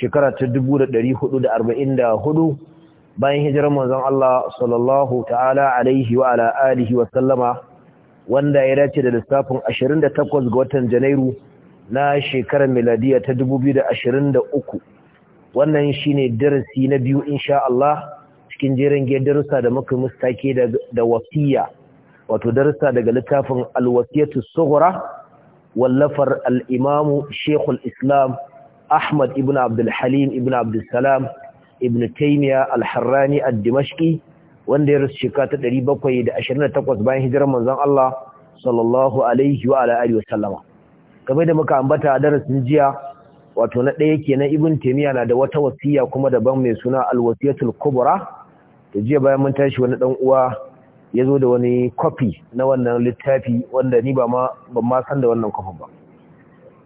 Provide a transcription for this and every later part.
shekara ta 1444 bayan hijirar manzon Allah sallallahu ta'ala alaihi wa ala alihi wa sallama wanda ya dace da lissafin 28 ga watan Janairu na shekarar miladiya ta 2023 wannan shine darasi na biyu insha Allah cikin jerin giyar darussa da muka mustake da, da wasiya wato darussa daga littafin alwasiyatu sughra wallafar al-imamu Sheikhul Islam Ahmad ibn Abdul Halim ibn Abdul Salam ibn Taymiyyah al-Harrani ad-Dimashqi wanda ya rasu shekara ta 728 bayan hijirar manzon Allah sallallahu alaihi wa ala sallama kamar da muka ambata a darasin jiya wato na ɗaya kenan ibn taymiya na da wata wasiya kuma daban mai suna al-wasiyatul kubra to jiya bayan mun tashi wani dan uwa ya zo da wani kwafi na wannan littafi wanda ni ba ma san da wannan copy ba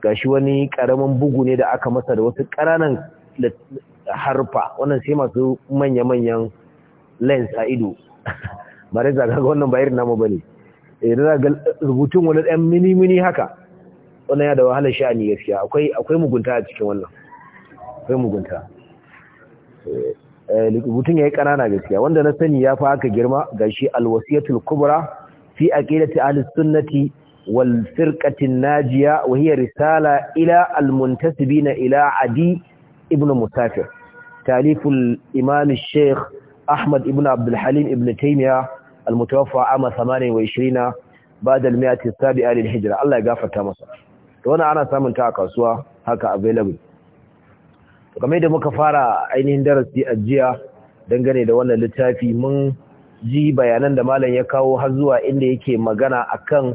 gashi wani karamin bugu ne da aka masa da wasu ƙananan harfa wannan sai masu manya-manyan lens a ido ba dai zaga ga wannan ba irin namu bane idan eh, za ga rubutun wani ɗan mini-mini haka wannan ya da wahalar sha'ani gaskiya akwai akwai mugunta a cikin wannan akwai mugunta eh, rubutun yayi ƙanana gaskiya wanda na sani ya fa haka girma gashi alwasiyatul kubra fi aqidati ahlus sunnati wal الناجية najiya رسالة إلى risala ila عدي ابن ila ibn musafir تاليف الإمام الشيخ أحمد ابن عبد الحليم ابن تيمية المتوفى عام 28 بعد المئة السابعة للهجرة الله يقافة تامسا وانا أنا سامن تاكا سوا هكا available kamar da muka fara ainihin darasi a jiya dangane da wannan littafi mun ji bayanan da malam ya kawo har zuwa inda yake magana akan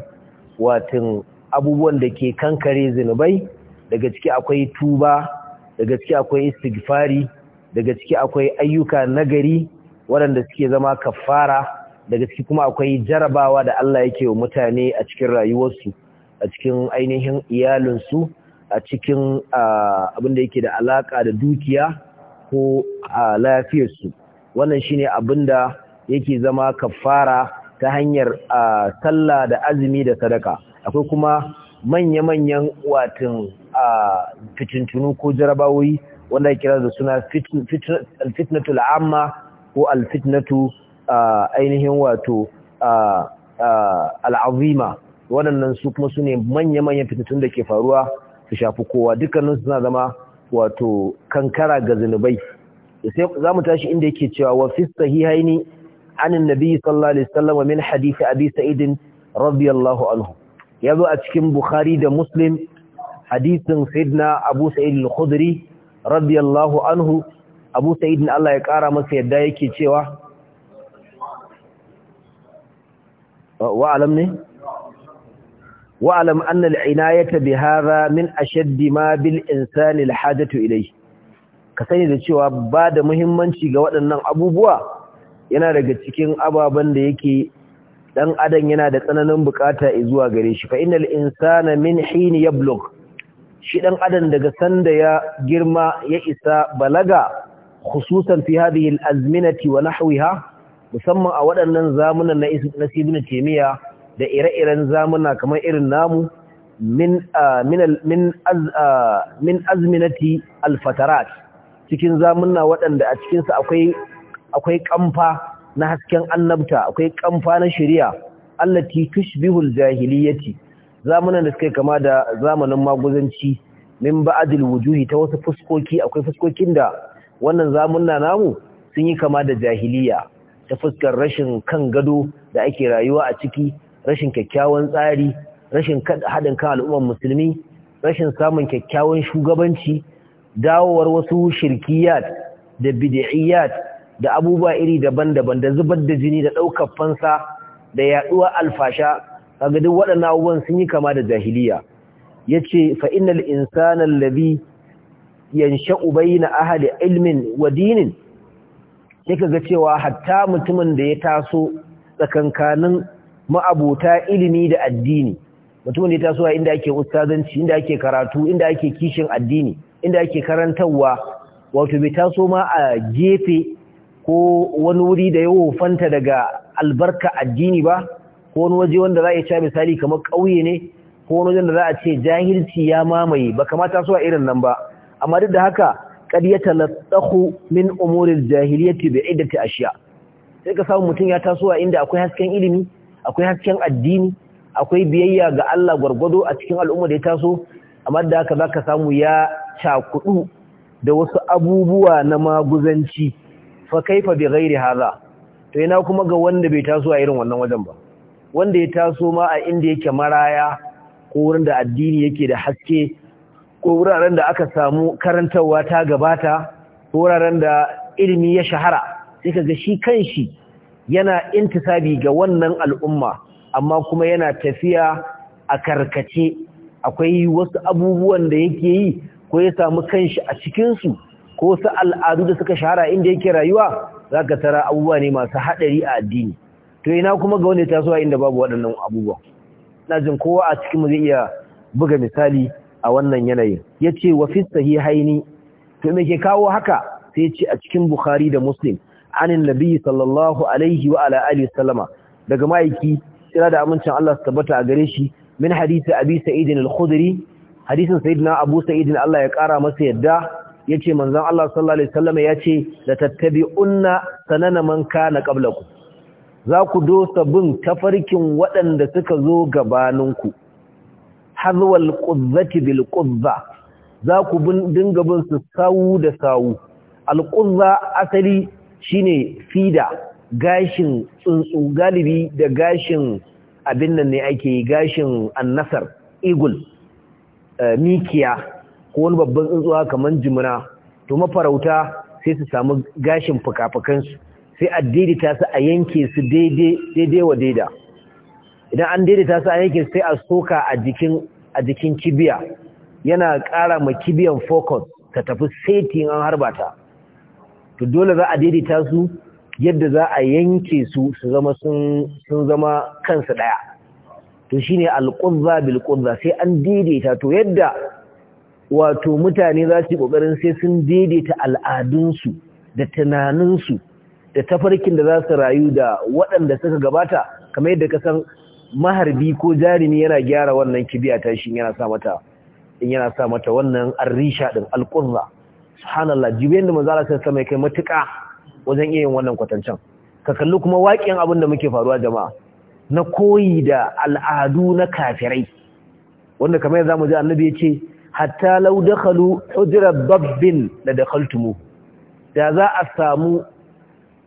watan abubuwan da ke kankare zinubai daga ciki akwai tuba daga ciki akwai istighfari daga ciki akwai ayyuka nagari waɗanda suke zama kafara daga ciki kuma akwai jarabawa da Allah yake wa mutane a cikin rayuwarsu a cikin ainihin iyalinsu a cikin abin da yake da alaka da dukiya ko lafiyarsu wannan shine abin da yake zama kafara ta hanyar sallah da azumi da sadaka akwai kuma manya-manyan watan fitintunu ko jarabawoyi wanda kira da suna alfitnatu al'amma ko alfitnatu ainihin wato al'azima waɗannan su kuma su ne manya-manyan fitintun da ke faruwa su shafi kowa su suna zama wato kankara ga zunubai za mu tashi inda yake cewa wa fi sahihaini عن النبي صلى الله عليه وسلم من حديث أبي سعيد رضي الله عنه يبدو أتكم بخاري دا مسلم حديث سيدنا أبو سعيد الخضري رضي الله عنه أبو سعيد الله يكارى مسيح دايكي تشيوا وعلمني وعلم أن العناية بهذا من أشد ما بالإنسان الحاجة إليه ka sani da cewa ba da muhimmanci ga waɗannan abubuwa yana daga cikin ababen da yake dan adam yana da tsananin bukata zuwa gare shi fa innal insana min hin yablug shi dan adam daga sanda ya girma ya isa balaga khususan fi hadhihi al-azminati wa nahwiha musamman a waɗannan zamunan na isu nasibin temiya da ire-iren zamuna kamar irin namu min min min azminati al-fatarat cikin zamunna waɗanda a su akwai akwai kamfa na hasken annabta akwai kamfa na shari'a allati tushbihul jahiliyyati zamanan da suka kama da zamanin maguzanci min ba'dil wujuhi ta wasu fuskoki akwai fuskokin da wannan zamunna namu sun yi kama da jahiliya ta fuskar rashin kan gado da ake rayuwa a ciki rashin kyakkyawan tsari rashin haɗin kan al'ummar musulmi rashin samun kyakkyawan shugabanci dawowar wasu shirkiyat da bid'iyyat da abubuwa iri daban-daban da zubar da jini da ɗaukar fansa da yaɗuwa alfasha kaga duk waɗannan abubuwan sun yi kama da jahiliya Ya yace fa innal insana alladhi sha'ubai na ahli ilmin wa dinin sai kaga cewa hatta mutumin da ya taso tsakankanin ma'abuta ilimi da addini mutumin da ya taso a inda ake ustazanci inda ake karatu inda ake kishin addini inda ake karantarwa wato bai taso ma a gefe ko wani wuri da ya wofanta daga albarka addini ba ko wani waje wanda za a cewa misali kamar ƙauye ne ko wani wajen da za a ce jahilci ya mamaye ba kamata su a irin nan ba amma duk da haka kad yatalattakhu min umuril jahiliyyati bi iddati ashiya sai ka samu mutum ya taso a inda akwai hasken ilimi akwai hasken addini akwai biyayya ga Allah gwargwado a cikin al'umma da ya taso amma da haka zaka samu ya cakudu da wasu abubuwa na maguzanci fa kaifa bi ghairi hadha to ina kuma ga wanda bai taso a irin wannan wajen ba wanda ya taso ma a inda yake maraya ko wurin da addini yake da haske ko wuraren da aka samu karantarwa ta gabata ko wuraren da ilimi ya shahara sai kaga shi kanshi yana intisabi ga wannan al'umma amma kuma yana tafiya a karkace akwai wasu abubuwan da yake yi ko ya samu kanshi a cikinsu ko su al'adu da suka shahara inda yake rayuwa za ka tara abubuwa ne masu haɗari a addini to ina kuma ga wanda ya taso a inda babu waɗannan abubuwa na jin kowa a cikin mu zai iya buga misali a wannan yanayin ya ce wa fi sahihaini to me ke kawo haka sai yace a cikin bukhari da muslim anin nabi sallallahu alaihi wa ala alihi sallama daga ma'aiki tsira da amincin Allah su tabbata a gare shi min hadisi abi sa'id al-khudri hadisin sayyidina abu sa'id Allah ya kara masa yadda yace manzon Allah sallallahu alaihi wasallam yace la tattabi'unna sanana man kana qablakum za ku dosa bin tafarkin waɗanda suka zo gabaninku hazwal quzzati bil quzza za ku dinga bin su sawu da sawu al quzza asali shine fida gashin tsuntsu galibi da gashin abin nan ne ake gashin annasar eagle eh, mikiya ko wani babban tsuntsuwa kamar jimina to mafarauta sai su samu gashin fuka sai a daidaita su a yanke su daidai wa daida idan an daidaita su a yanke su sai a soka a jikin kibiya yana ƙara ma kibiyan focus ta tafi seti an harba ta to dole za a daidaita su yadda za a yanke su su zama sun zama kansu ɗaya to shine alƙuzza bilƙunza sai an daidaita to yadda wato mutane za su yi ƙoƙarin sai sun daidaita al'adunsu da tunaninsu da tafarkin da za su rayu da waɗanda suka gabata kamar yadda ka san maharbi ko jarumi yana gyara wannan kibiya ta shi yana sa mata in yana sa mata wannan arrisha din alqurra subhanallah jibin da manzo Allah sai mai kai matuƙa wajen yin wannan kwatancan ka kalli kuma waƙin abin da muke faruwa jama'a na koyi da al'adu na kafirai wanda kamar yadda zamu ji annabi ya ce hatta law dakhalu hujra babbin da dakhaltumu da za a samu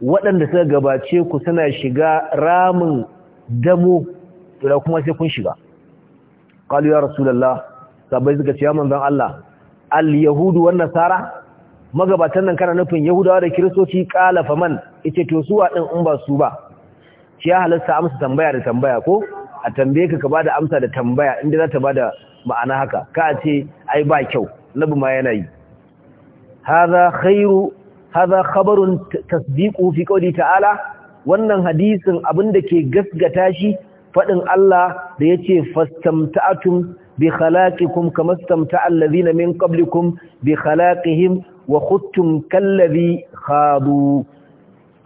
waɗanda suka gabace ku suna shiga ramin damo da kuma sai kun shiga qalu ya rasulullah sabai suka ce manzon Allah al yahudu wan nasara magabatan nan kana nufin yahudawa da kiristoci qala faman yace to su din in ba su ba shi ya halarta amsa tambaya da tambaya ko a tambaye ka ka bada amsa da tambaya inda za ta bada ma'ana haka ka ce ai ba kyau nabi ma yana yi hadha khairu hadha khabarun tasdiqu fi qawli ta'ala wannan hadisin abinda ke gasgata shi fadin Allah da yace fastamta'atum bi khalaqikum kama istamta'a alladhina min qablikum bi khalaqihim wa khuttum kalladhi khadu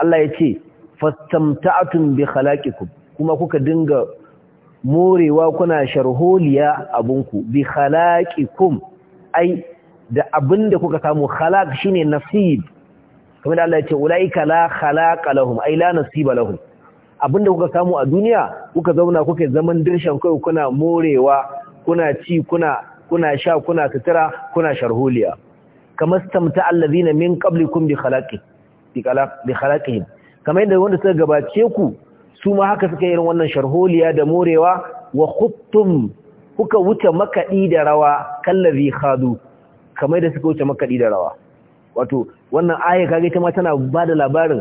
Allah yace fastamta'atum bi khalaqikum kuma kuka dinga morewa kuna sharholiya abunku bi khalaqikum ai da abinda kuka samu khalaq shine nasib kamar Allah ya ce ulaika la khalaqa lahum ai la nasiba lahum abinda kuka samu a duniya kuka zauna kuka zaman dirshan kai kuna morewa kuna ci kuna kuna sha kuna sutura kuna sharholiya kamar stamta allazina min qablikum bi khalaqi bi khalaqihim kamar yadda wanda suka gabace ku su ma haka suka irin wannan sharholiya da morewa wa khuttum kuka wuce makadi da rawa kallazi khadu kamar da suka wuce makadi da rawa wato wannan aya kage ta ma tana bada labarin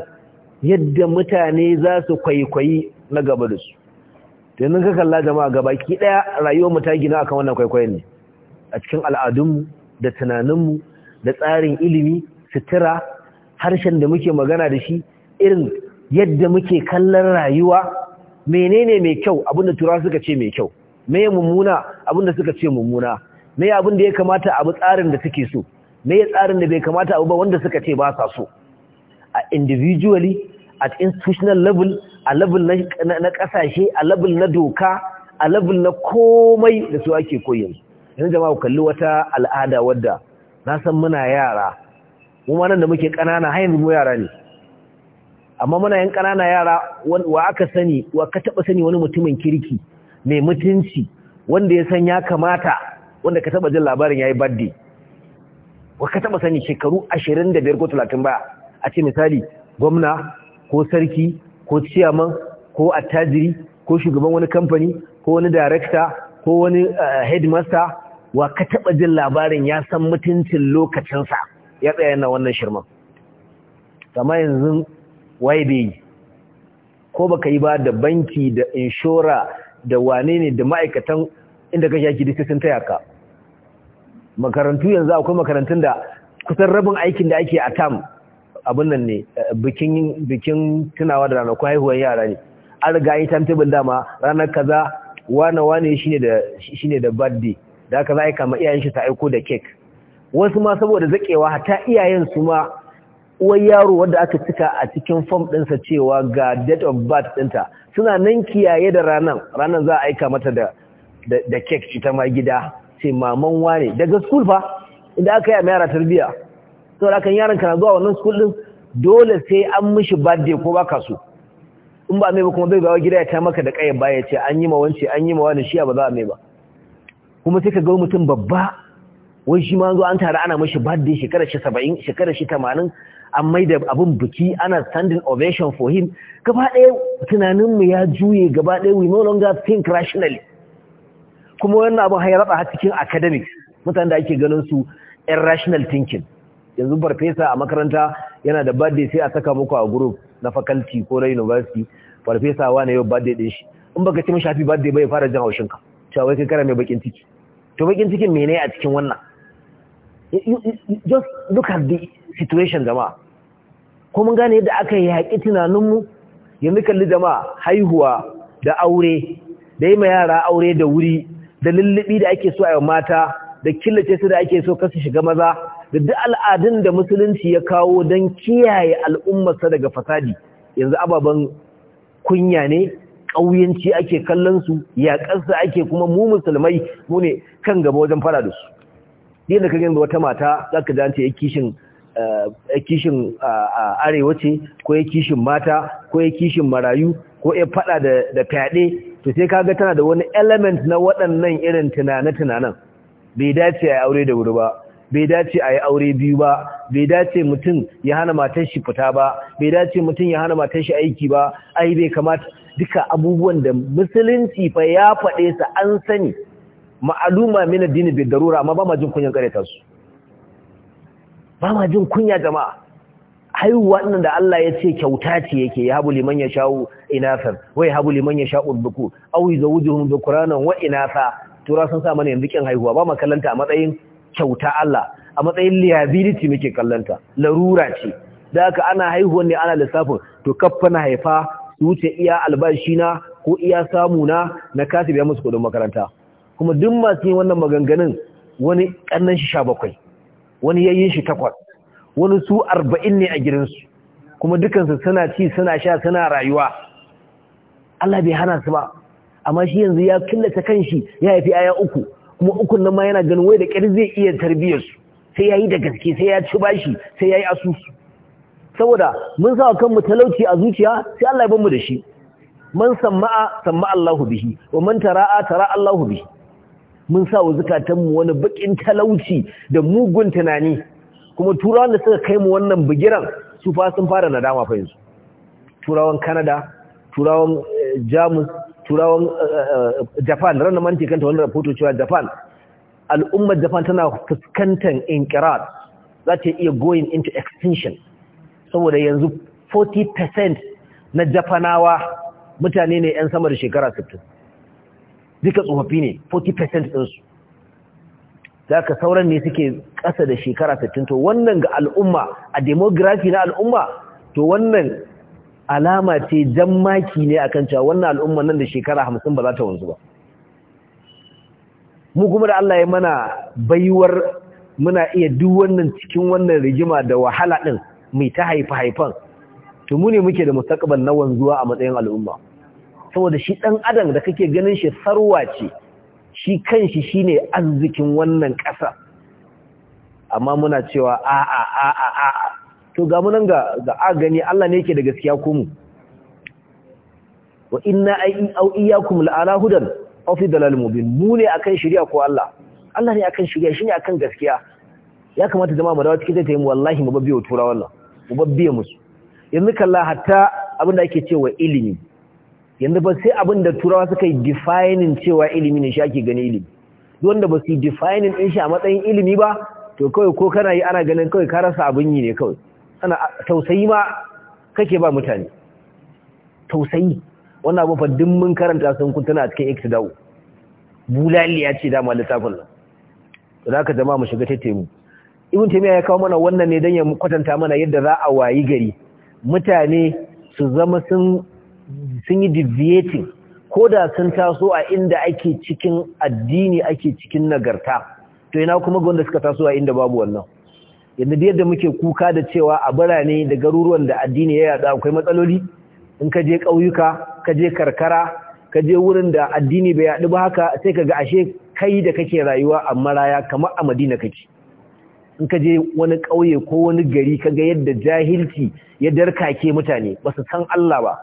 yadda mutane za su kwaikwayi na gaba da su to yanzu ka kalla jama'a ki daya rayuwar mu ta gina akan wannan kwaikwayon ne a cikin al'adun mu da tunanin mu da tsarin ilimi sutura harshen da muke magana da shi irin yadda muke kallon rayuwa menene mai kyau abinda turawa suka ce mai kyau me mummuna abinda suka ce mummuna me abin da ya kamata abu tsarin da suke so me tsarin da bai kamata abu ba wanda suka ce ba sa so a individually at institutional level a level na kasashe a level na doka a level na komai da su ake koyi yanzu jama'a kalli wata al'ada wadda na san muna yara mu ma nan da muke ƙanana har mu yara ne amma muna yan ƙanana yara wa aka sani wa ka taɓa sani wani mutumin kirki mai mutunci wanda ya san ya kamata wanda ka taɓa jin labarin ya yi baddi wa ka taɓa sani shekaru ashirin da ko talatin baya a ce misali gwamna ko sarki ko ciyaman ko attajiri ko shugaban wani kamfani ko wani darekta ko wani eh, headmaster wa ka taɓa jin labarin ya san mutuncin lokacinsa ya tsaya yana wannan shirman sama yanzu waye bai yi ko baka yi ba da banki da inshora da wane ne da ma'aikatan inda ka shaki da sun taya ka makarantu yanzu akwai makarantun da kusan rabin aikin da ake a tam abin nan ne bikin bikin tunawa da ranar haihuwar yara ne an riga yi timetable dama ranar kaza wane wane shine da shine da birthday da haka za a yi kama iyayen shi ta aiko da kek. wasu ma saboda zakewa hata iyayen su ma uwar yaro wadda aka cika a cikin fom ɗinsa cewa ga date of birth ɗinta suna nan kiyaye da ranar ranar za a aika mata da da kek ita ma gida ce maman wane daga school fa inda aka yi a yara tarbiya da kan yaron kana zuwa wannan school din dole sai an mishi birthday ko baka so in ba mai ba kuma bai bawa gida ya ta maka da kayan baya ce an yi ma wance an yi ma wani shi ba za a mai ba kuma sai ka ga mutum babba wai shi ma zo an tare ana mishi birthday shekara shi 70 shekara shi 80 an maida abin biki ana standing ovation for him gaba ɗaya tunaninmu ya juye gaba ɗaya we no longer think rationally kuma wannan abin hayaraba har cikin academics mutane da ake ganin su irrational thinking yanzu farfesa a makaranta yana da birthday sai a saka muku a group na faculty ko na university farfesa ne yau birthday din shi in baka ci mishi happy birthday bai fara jin haushin ka cewa wai kai kana mai bakin ciki to bakin cikin mene a cikin wannan just look at the situation jama'a ko mun gane yadda aka yaƙi tunaninmu yanzu kalli jama'a haihuwa da aure da yi ma yara aure da wuri da lullubi da ake so a mata da killace su da ake so kasu shiga maza da duk al'adun da musulunci ya kawo don kiyaye al'ummarsa daga fasadi yanzu ababen kunya ne ƙauyenci ake kallon su yaƙarsa ake kuma mu musulmai mu ne kan gaba wajen fara da su yadda ka yanzu wata mata za ka dace ya kishin Eh, kishin arewa ce ko ya kishin mata ko ya kishin marayu ko ya fada da fyaɗe to sai kaga tana da wani element na waɗannan irin tunane-tunanen bai dace a aure da wuri ba bai dace a yi aure biyu ba bai dace mutum ya hana matan shi fita ba bai dace mutum ya hana matashi shi aiki ba ai bai kamata duka abubuwan da musulunci fa ya faɗe su an sani ma'aluma min addini bi darura amma ba ma jin kunyan kareta su ba ma jin kunya jama'a haihuwa ɗin da Allah ya ce kyauta ce yake ya habu liman ya sha'u inafan wai habu liman ya sha'u dhukur aw da dhukranan wa inafa tura sun sa mana yanzu kin haihuwa ba ma kallanta a matsayin kyauta Allah a matsayin liability muke kallanta larura ce da haka ana haihuwa ne ana lissafin to kafa na haifa su wuce iya albashina ko iya samuna na na kasa biya musu kuɗin makaranta kuma duk masu yin wannan maganganun wani ƙannan shi sha bakwai wani ya yi shi takwas wani su arba'in ne a gidansu kuma dukansu suna ci suna sha suna rayuwa Allah bai hana su ba amma shi yanzu ya killata kanshi ya haifi aya uku kuma ukun nan ma yana ganin wai da kyar zai iya tarbiyyarsu, su sai yayi da gaske sai ya ci bashi sai yayi asusu saboda mun sa kanmu talauci a zuciya sai Allah ya bamu da shi man samma'a sama'a Allahu bihi wa man tara'a tara'a Allahu bihi mun sa wa zukatanmu wani bakin talauci da mugun tunani kuma turawan da suka kai mu wannan bigiran su fa sun fara nadama fa yanzu turawan Canada turawan eh, Jamus turawan eh, eh, Japan ran man ce kanta wannan rahoto cewa Japan al'ummar Japan tana fuskantar inqirar za ta iya going into extinction saboda yanzu 40% na Japanawa mutane ne 'yan sama da shekara 60 duka tsofaffi ne 40% ɗinsu za ka sauran ne suke ƙasa da shekara 60 to wannan ga al'umma a demografi na al'umma to wannan alama ce jan maki ne akan cewa wannan al'umma nan da shekara 50 ba za ta wanzu ba mu kuma da Allah ya mana baiwar muna iya duk wannan cikin wannan rigima da wahala din mai ta haifa haifan to mu ne muke da mustaqbal na wanzuwa a matsayin al'umma saboda shi ɗan adam da kake ganin shi sarwa ce shi kanshi ne arzikin wannan ƙasa amma muna cewa a a a a a to ga munan ga a gani Allah ne yake da gaskiya ko mu wa inna ai au iyakun la'ala hudan ofi dalal mubin mu ne akan shirya ko Allah Allah ne akan ne a akan gaskiya ya kamata zama madawa cikin zai mu wallahi mu wa tura wannan mu ya musu yanzu kalla hatta abinda ake cewa ilimi yanzu ba sai abin da turawa suka yi defining cewa ilimi ne shi ake gani ilimi wanda ba su yi defining din shi a matsayin ilimi ba to kawai ko kana yi ana ganin kawai ka rasa abin yi ne kawai ana tausayi ma kake ba mutane tausayi wannan abu fa mun karanta sun kun tana a cikin iktidau bulali ya ce dama littafin nan to Za ka jama'a mu shiga tattaimu. ibn taymiya ya kawo mana wannan ne dan ya kwatanta mana yadda za a wayi gari mutane su zama sun sun yi deviating ko da sun taso a inda ake cikin addini ake cikin nagarta to ina kuma gwanda suka taso a inda babu wannan yadda da yadda muke kuka da cewa a birane da garuruwan da addini ya yada akwai matsaloli in ka je ƙauyuka ka je karkara ka je wurin da addini bai yaɗu ba haka sai ka ga ashe kai da kake rayuwa a maraya kamar a madina kake in ka je wani ƙauye ko wani gari ka ga yadda jahilci ya darkake mutane ba su san Allah ba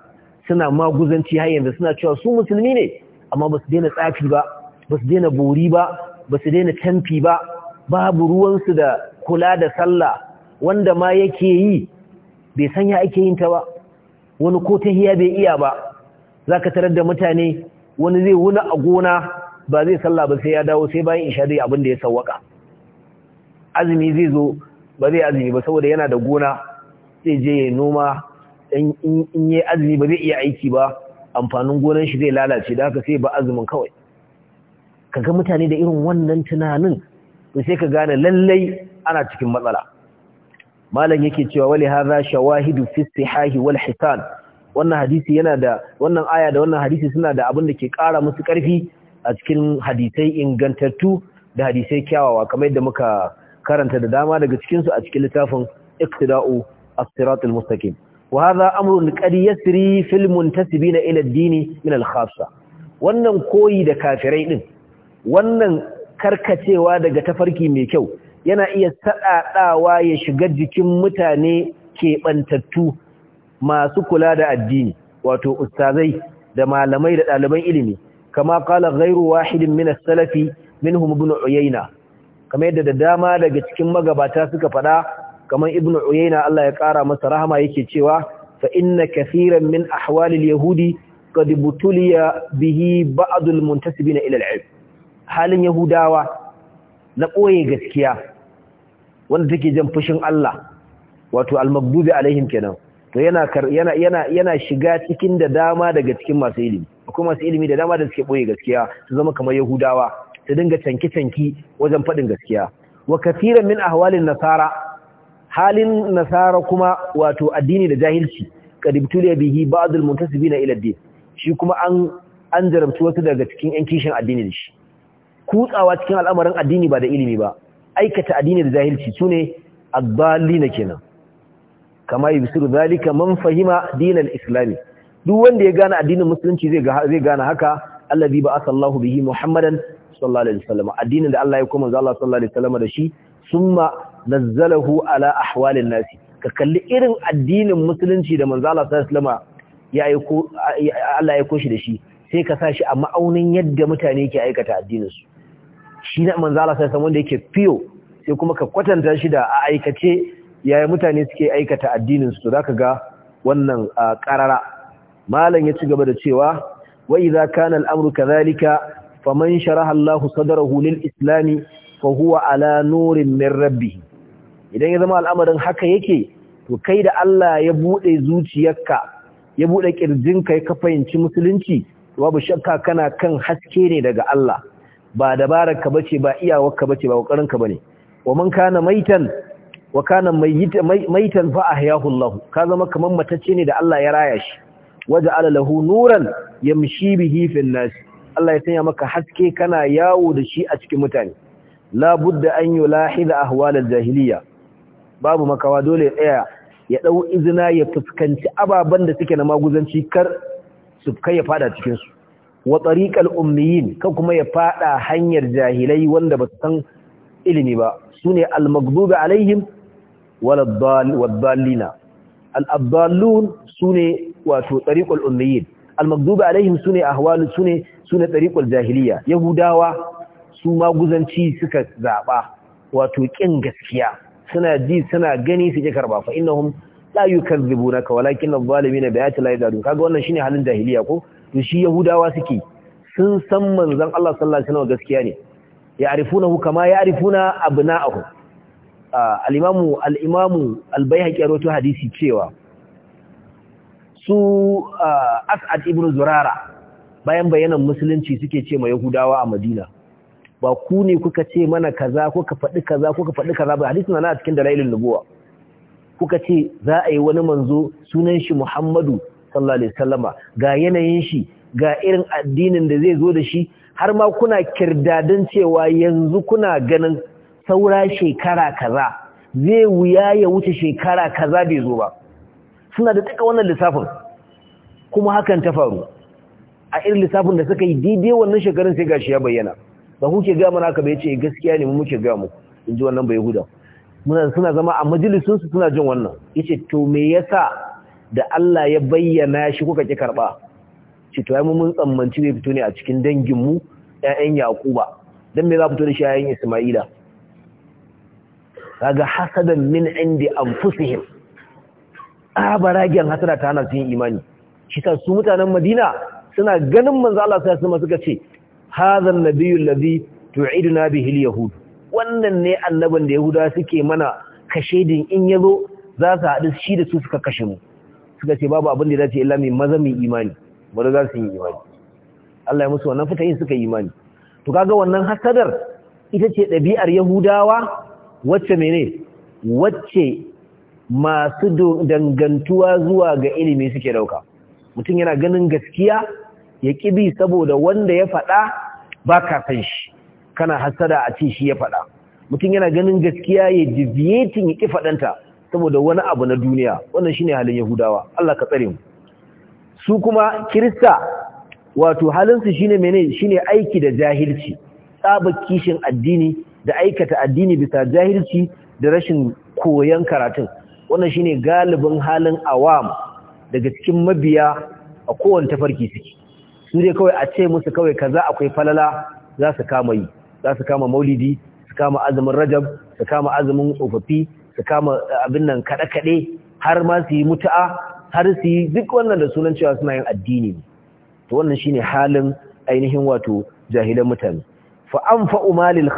suna maguzanci har yanzu suna cewa su musulmi ne amma ba su daina tsafi ba ba su daina bori ba ba su daina tamfi ba babu ruwansu da kula da sallah wanda ma yake yi bai san ya ake yin ta ba wani ko tahiya bai iya ba zaka tarar da mutane wani zai wuna a gona ba zai sallah ba sai ya dawo sai bayan isha dai abin da ya sawwaka azumi zai zo ba zai azumi ba saboda yana da gona zai je ya noma in yi azumi ba zai iya aiki ba amfanin gonan shi zai lalace da haka sai ba azumin kawai kaga mutane da irin wannan tunanin to sai ka gane lallai ana cikin matsala malam yake cewa wali hadha shawahidu fi sihahi wal hisan wannan hadisi yana da wannan aya da wannan hadisi suna da abin da ke kara musu karfi a cikin hadisai ingantattu da hadisai kyawawa kamar yadda muka karanta da dama daga cikin su a cikin littafin iqtida'u as-siratul mustaqim wa hadha amrun qad yasri fil muntasibina ila ad-din wannan koyi da kafirai din wannan karkacewa daga tafarki mai kyau yana iya sadadawa ya shiga jikin mutane keɓantattu masu kula da addini wato ustazai da malamai da ɗaliban ilimi kama kala ghairu wahidin min as-salafi minhum ibn uyayna kamar yadda da dama daga cikin magabata suka fada kamar ibnu uyayna Allah ya kara masa rahama yake cewa fa inna kaseeran min ahwalil yahudi qad butuliya bihi ba'dul muntasibina ila al-ilm halin yahudawa na koye gaskiya wanda take jan fushin Allah wato al-maghdubi alaihim kenan to yana yana yana shiga cikin da dama daga cikin masu ilimi akwai masu ilimi da dama da suke boye gaskiya su zama kamar yahudawa su dinga canke canki wajen faɗin gaskiya wa kafiran min ahwalin nasara halin nasara kuma wato addini da jahilci qadibtuliya bihi ba'd almuntasibina ila ad-din shi kuma an an jarabci wasu daga cikin yan kishin addini da shi kutsawa cikin al'amarin addini ba da ilimi ba aikata addini da jahilci sune ad-dallina kenan kama yubsiru zalika man fahima dinal islami duk wanda ya gane addinin musulunci zai ga zai gane haka allazi ba'athallahu bihi muhammadan sallallahu alaihi wasallam addinin da Allah ya kuma manzo Allah sallallahu alaihi wasallam da shi summa nazzalahu ala ahwalin nasi ka kalli irin addinin musulunci da manzo Allah sallallahu ya Allah ya koshi da shi sai ka sashi a ma'aunin yadda mutane ke aikata addinin su shi na manzo Allah sallallahu wanda yake fiyo sai kuma ka kwatanta shi da a aikace yaya mutane suke aikata addinin su zaka ga wannan karara malam ya ci gaba da cewa wa idza kana al-amru kadhalika faman sharaha Allahu sadrahu lil-islami fa huwa ala nurin min rabbih idan ya zama al'amarin haka yake to kai da Allah ya buɗe zuciyarka ya buɗe ƙirjinka ya fahimci musulunci to babu shakka kana kan haske ne daga Allah ba ka bace ba iyawarka bace ba kokarinka bane wa man kana maitan wa kana maitan fa ka zama kaman matacce ne da Allah ya raya shi waja'ala lahu nuran yamshi bihi fil nas Allah ya sanya maka haske kana yawo da shi a cikin mutane la budda an yulahiza ahwal al-jahiliya babu makawa dole ya tsaya ya ɗau izina ya fuskanci ababen da suke na maguzanci kar su kai ya fada cikinsu wa tsariƙar ummiyin kan kuma ya fada hanyar jahilai wanda ba su san ilimi ba su ne almagdubi alaihim waddallina al'abbalun su ne wato tsariƙar ummiyin almagdubi alaihim su ne ahwalu su su ne tsariƙar jahiliya yahudawa su maguzanci suka zaɓa wato ƙin gaskiya suna ji suna gani su ji karba fa innahum la yukazzibunaka walakin adh dhalimin bi'ati la yadun kaga wannan shine halin jahiliya ko to shi yahudawa suke sun san manzon Allah sallallahu alaihi wasallam gaskiya ne ya'rifunahu kama ya'rifuna abna'ahu al-imamu al-imamu al-bayhaqi rawatu hadisi cewa su as'ad ibnu zurara bayan bayanan musulunci suke ce ma yahudawa a madina ba ku ne kuka ce mana kaza kuka faɗi kaza kuka faɗi kaza ba hadisi na a cikin dalailin nubuwa kuka ce za a yi wani manzo sunan shi Muhammadu sallallahu alaihi wasallama ga yanayin shi ga irin addinin da zai zo da shi har ma kuna kirdadin cewa yanzu kuna ganin saura shekara kaza zai wuya ya wuce shekara kaza bai zo ba suna da taka wannan lissafin kuma hakan ta faru a irin lissafin da suka yi daidai wannan shekarun sai gashi ya bayyana ba kuke ga mana haka bai ce eh, gaskiya ne mu muke ga muku in ji wannan bai hudan muna suna zama a majalisun su suna jin wannan yace to me yasa da Allah ya bayyana shi kuka ki karba ce to ai mu mun tsammanci bai fito ne a cikin dangin mu ƴaƴan Yakuba dan me za fito da shi ƴaƴan Isma'ila kaga hasadan min indi anfusihim abaragen hasada ta hana su yin imani shi ta su mutanen Madina suna ganin manzo Allah sai suka ce hadha an-nabiyyu alladhi tu'iduna bihi al-yahud wannan ne annaban da yahuda suke mana kashe din in yazo za su hadu shi da su suka kashe mu suka ce babu abin da ya illa mai maza mai imani bari za su yi imani Allah ya musu wannan fitayin suka yi imani to kaga wannan hasadar ita ce ɗabi'ar yahudawa wacce mene wacce masu dangantuwa zuwa ga ilimi suke ɗauka mutum yana ganin gaskiya ya bi saboda wanda ya faɗa ba ka shi kana hasada a ce shi ya faɗa mutum yana ganin gaskiya ya deviating ya ƙi faɗanta saboda wani abu na duniya wannan shi ne halin yahudawa Allah ka tsare mu su kuma kirista wato halinsu shine mene ne aiki da jahilci tsabar kishin addini da aikata addini bisa jahilci da rashin koyon karatun wannan shi ne galibin halin awam daga cikin mabiya a kowane tafarki suke su dai kawai a ce musu kawai kaza akwai falala za su kama yi za su kama maulidi su kama azumin rajab su kama azumin tsofaffi su kama eh, abin nan kaɗe-kaɗe har ma su yi mutu'a har su yi duk wannan da sunan cewa suna yin addini to wannan shine halin ainihin wato jahilan mutane fa anfa'u malil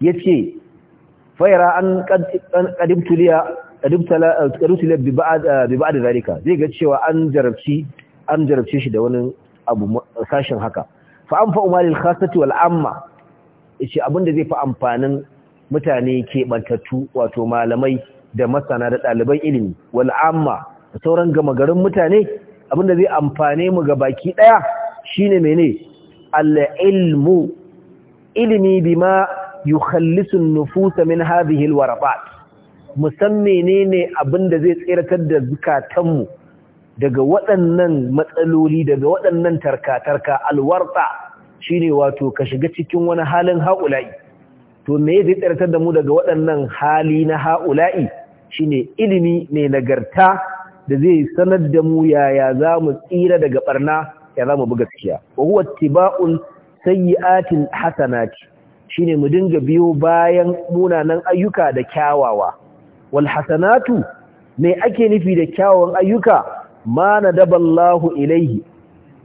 Ya yace fayara an qadibtuliya qadibtala bi ba'd bi zalika zai ga cewa an jarabci an jarabce shi da wani abu sashin haka fa an fa khasati wal amma yace abinda zai fi amfanin mutane ke keɓantattu wato malamai da masana da ɗaliban ilimi wal da sauran gama garin mutane abinda zai amfane mu ga baki ɗaya shine mene al ilmu ilimi bima yukhallisu nufusa min hadhihi al warafat ne menene abinda zai tsiratar da zukatanmu mu daga waɗannan matsaloli daga waɗannan tarka-tarka alwarta ne wato ka shiga cikin wani halin haula'i to me zai tsartar da mu daga waɗannan hali na haula'i ne ilimi mai nagarta da zai sanar da mu yaya za mu tsira daga ɓarna ya za mu bi gaskiya wa huwa Atin sayyi'atil hasanati shine mu dinga biyo bayan munanan ayyuka da kyawawa wal hasanatu me ake nufi da kyawawan ayyuka ma daballahu ilaihi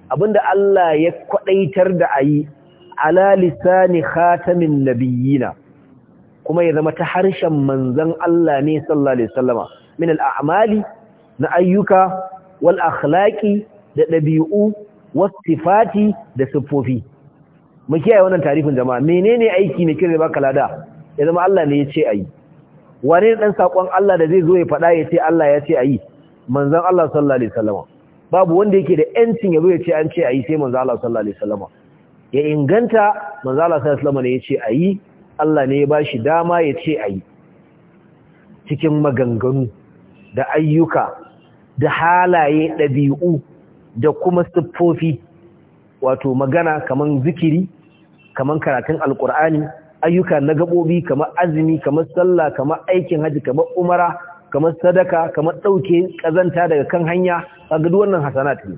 abinda Allah ya kwadaitar da ayi ala lisani khatamin nabiyina kuma ya zama ta harshen manzon Allah ne sallallahu alaihi wasallama min al'amali na ayyuka wal akhlaqi da dabi'u was sifati da sifofi mu yi wannan tarifin jama'a menene aiki ne kire baka lada ya zama Allah ne ya ce ayi wane dan sakon Allah da zai zo ya fada ya ce Allah ya ce ayi Manzan Allah sallallahu alaihi babu wanda yake da yancin yabo ya ce an ce ayi sai manzan Allah sallallahu alaihi ya inganta manzan Allah sallallahu alaihi ne ya ce ayi Allah ne ya ba shi dama ya ce ayi cikin maganganu da ayyuka da halaye ɗabi'u da kuma siffofi wato magana kamar zikiri kamar karatun alkur'ani ayyuka na gabobi kamar azumi kamar sallah kamar aikin hajji, kamar umara kamar sadaka kamar ɗauke ƙazanta daga kan hanya a gudu wannan hasanat ne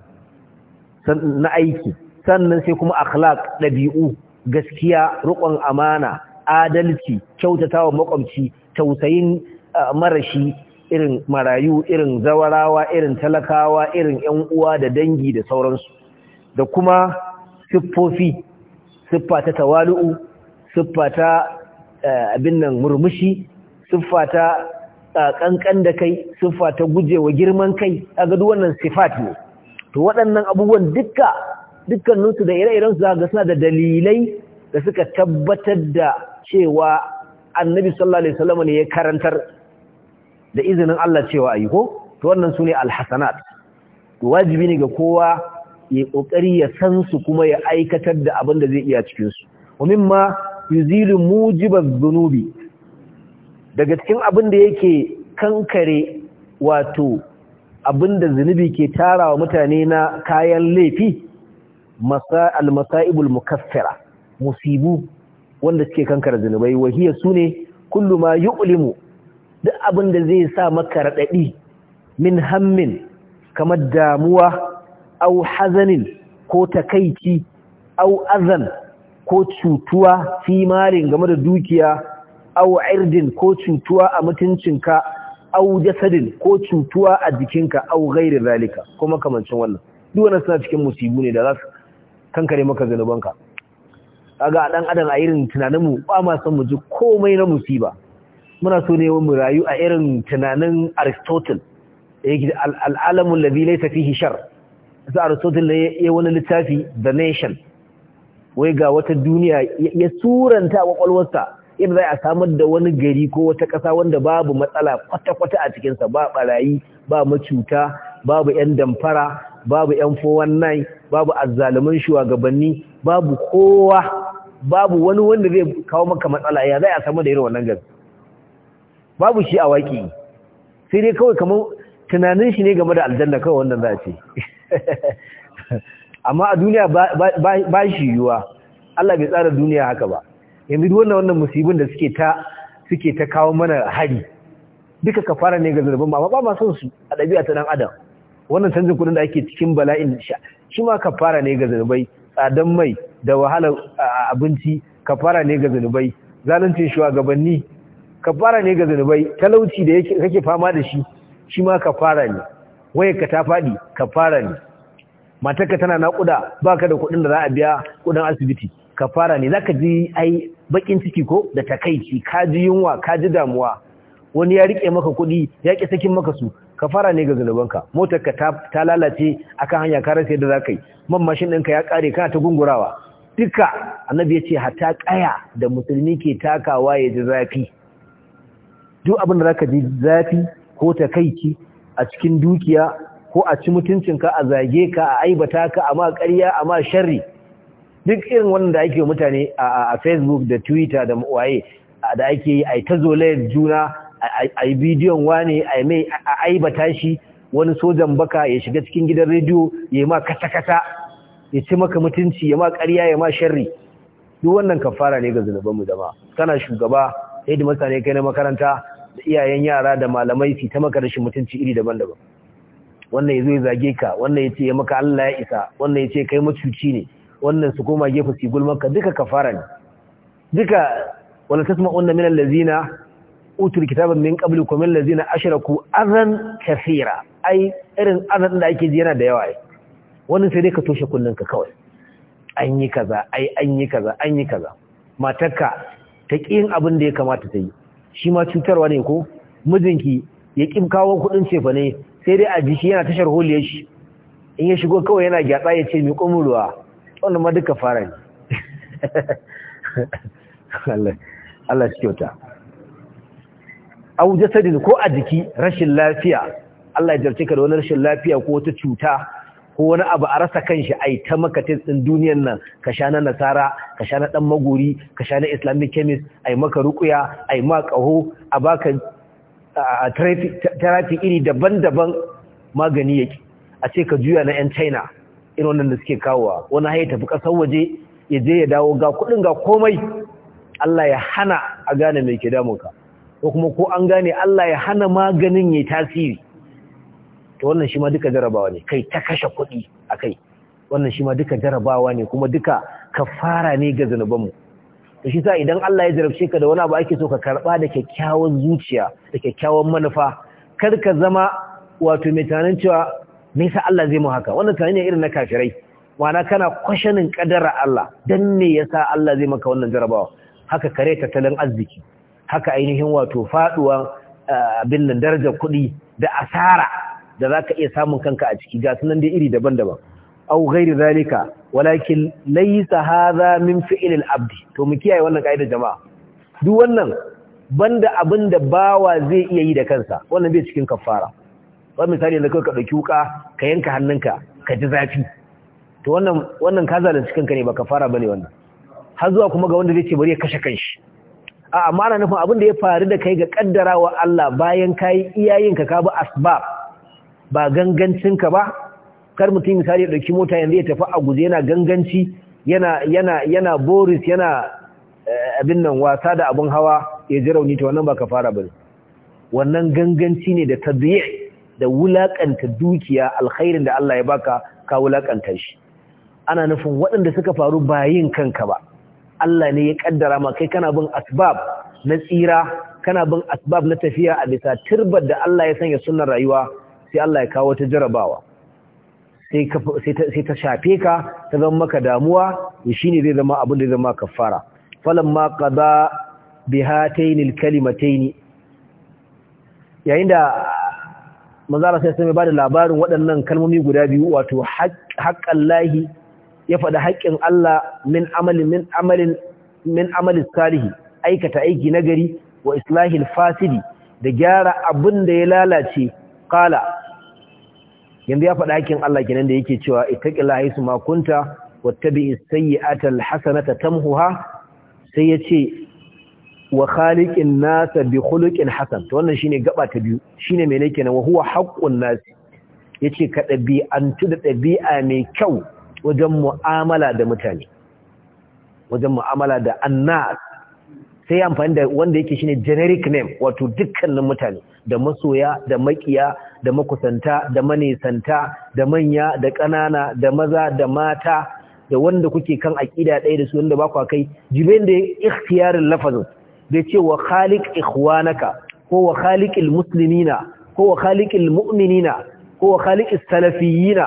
na aiki sannan sai kuma akhlaq ɗabi'u gaskiya riƙon amana adalci kyautatawa makwabci tausayin marashi irin marayu irin zawarawa irin talakawa irin ƴan uwa da dangi da sauransu da kuma siffofi siffa ta tawalu'u siffa ta eh, abin nan murmushi siffa ta Ƙanƙan da kai siffa ta guje wa girman kai a gadu wannan sifat ne to waɗannan abubuwan dukka dukkaninsu da ire-irensu ga suna da dalilai da suka tabbatar da cewa annabi sallallahu alaihi wasallam ne ya karantar da izinin Allah cewa ayi ko to wannan su sune alhasanat wajibi ne ga kowa ya kokari ya san su kuma ya aikatar da abin da zai iya cikin su wa mimma yuzilu mujibaz dhunubi daga cikin abin da yake kankare wato abin da zunubi ke tarawa mutane na kayan laifi al-masa'ibul mukaffira musibu wanda suke kankare zunubai wahiya su ne, kullu ma yu'limu duk abin da zai sa maka radadi min hammin kamar damuwa au hazanin ko takaici au azan ko cutuwa fi malin game da dukiya au irdin ko cutuwa a mutuncinka au jasadin ko cutuwa a jikinka au ghairi zalika ko makamancin wannan duk wannan suna cikin musibu ne da za su kankare maka zanubanka kaga dan adam a irin tunanin mu ba ma san mu ji komai na musiba muna so ne mu rayu a irin tunanin Aristotle yake al'alamu alamu alladhi laysa fihi shar sai Aristotle ne ya wani littafi The Nation wai ga wata duniya ya suranta a kwakwalwarsa yadda za a samar da wani gari ko wata ƙasa wanda babu matsala kwata-kwata a cikinsa ba ɓarayi ba macuta babu 'yan damfara babu 'yan 419 babu azzaluman shugabanni babu kowa babu wani wanda zai kawo maka matsala ya za a samar da irin wannan gari babu shi a waƙi sai dai kawai kamar tunanin shi ne game da aljanna kawai wannan za a ce amma a duniya ba shi yiwuwa Allah bai tsara duniya haka ba yanzu duk wannan wannan musibin da suke ta suke ta kawo mana hari duka kafara ne ga zurbin ba ba ma son su a ɗabi'a ta dan adam wannan canjin kuɗin da ake cikin bala'in sha shi ma kafara ne ga zurbai tsadan mai da wahalar abinci kafara ne ga zunubai zaluncin shugabanni kafara ne ga zunubai talauci da kake fama da shi shi ma kafara ne ka ta faɗi kafara ne matarka tana nakuda baka da kuɗin da za a biya kuɗin asibiti Ka fara ne Za ka ji ai bakin ciki ko da takaici ka ji yunwa ka ji damuwa wani ya rike maka kuɗi ya ki sakin maka su Ka fara ne ga zunubanka motarka ta, ta lalace akan hanya ka rasa yadda zaka yi man mashin ɗinka ya kare kana ta gungurawa duka annabi ya ce hatta kaya da musulmi ke takawa ya ji zafi duk abin da zaka ji zafi ko takaici a cikin dukiya ko a ci mutuncinka a zage ka a aibata ka a ma ƙarya a ma sharri duk irin wanda ake mutane a facebook da twitter da waye da ake yi a ta zolayar juna a yi bidiyon wane a mai a aibata shi wani sojan baka ya shiga cikin gidan rediyo ya yi ma kasa-kasa ya ci maka mutunci ya ma ƙarya ya ma sharri duk wannan kafara ne ga zunuban mu dama. kana shugaba sai da mutane kai na makaranta da iyayen yara da malamai su ta maka rashin mutunci iri daban-daban wannan ya zo ya zage ka wannan ya ce ya maka Allah ya isa wannan ya ce kai mutunci ne wannan su koma gefe su gulma ka duka kafara ne duka wala unna min allazina utul kitaban min qablikum allazina ashraku azan kaseera ai irin azan da ake ji yana da yawa wannan sai dai ka toshe kullun ka kawai an yi kaza ai an yi kaza an yi kaza matarka ta ƙin abin da ya kamata ta yi shi ma cutarwa ne ko mijinki ya ƙin kawo kuɗin cefa ne sai dai a ji shi yana tashar holiyar shi in ya shigo kawai yana gyatsa ya ce mai kumuruwa wannan ma duka fara ne Allah shi kyauta abu jasadin ko a jiki rashin lafiya Allah ya jarce ka da wani rashin lafiya ko wata cuta ko wani abu a rasa kan kanshi ai ta makatin din duniyar nan ka sha na nasara ka sha na dan maguri ka sha na islamic chemist ai maka rukuya ai ma kaho a baka therapy iri daban-daban magani yake a ce ka juya na yan china irin wannan da suke kawowa wani haye tafi ƙasar waje ya je ya dawo ga kuɗin ga komai Allah ya hana a gane mai ke ka, ko kuma ko an gane Allah ya hana maganin ya tasiri to wannan shi ma duka jarabawa ne kai ta kashe kuɗi akai, kai wannan shi ma duka jarabawa ne kuma duka kafara ne ga zanubanmu to shi sa idan Allah ya jarabce ka da wani abu ake so ka karɓa da kyakkyawan zuciya da kyakkyawan manufa kar ka zama wato mai tunanin cewa me yasa Allah zai mu haka wannan tunani ne irin na kafirai wana kana kwashanin kadara Allah dan me yasa Allah zai maka wannan jarabawa haka kare tattalin arziki haka ainihin wato faduwa eh, abin nan darajar kuɗi da asara da zaka iya samun kanka a ciki ga sunan da iri daban-daban aw ghairi zalika walakin laysa hadha min fi'l al-abd to mu kiyaye wannan kaidar jama'a duk wannan banda da bawa zai iya yi da kansa wannan bai cikin kafara ba misali da kawai ka ɗauki wuka ka yanka hannunka ka ji zafi to wannan wannan ka zalunci kanka ne ba ka fara bane wannan har zuwa kuma ga wanda zai ce bari ya kashe kanshi a amma na nufin abin da ya faru da kai ga wa Allah bayan kai iyayenka ka bi asbab ba ka ba kar mutum misali ya ɗauki mota yanzu ya tafi a guje yana ganganci yana yana yana boris yana eh, abin nan wasa da abin hawa ya ji rauni to wannan ba ka fara bane wannan ganganci ne da tabi'i da wulaƙanta dukiya alkhairin da Allah ya baka ka wulakanta shi ana nufin waɗanda suka faru ba yin kanka ba Allah ne ya kaddara ma kai kana bin asbab na tsira kana bin asbab na tafiya a bisa turbar da Allah ya sanya sunnar rayuwa sai Allah ya kawo ta jarabawa sai ta shafe ka ta zama maka damuwa shi ne zai zama abin da zai zama kafara falamma qada bihatayn alkalimatayn yayin da manzara sai sai ba da labarin waɗannan kalmomi guda biyu wato haƙƙan lahi ya faɗi haƙƙin Allah min amalin min amalin min amalin salihi aikata aiki nagari wa islahil fasidi da gyara abin da ya lalace qala yanzu ya faɗi haƙƙin Allah kenan da yake cewa ittaqillahi haisu ma kunta wattabi'is sayyi'ata alhasanata tamhuha sai yace wa khaliqin nasa bi khuluqin hasan to wannan shine gaba ta biyu shine mene kenan wa huwa haqqun nasi yace ka dabi'antu da dabi'a mai kyau wajen mu'amala da mutane wajen mu'amala da annas sai amfani da wanda yake shine generic name wato dukkanin mutane da masoya da makiya da makusanta da manisanta da manya da ƙanana da maza da mata da wanda kuke kan aƙida ɗaya da su wanda ba ku kai jibin da ikhtiyarin lafazin da ce wa khaliq ikhwanaka ko wa khaliqil muslimina ko wa khaliqil mu'minina ko wa as salafiyina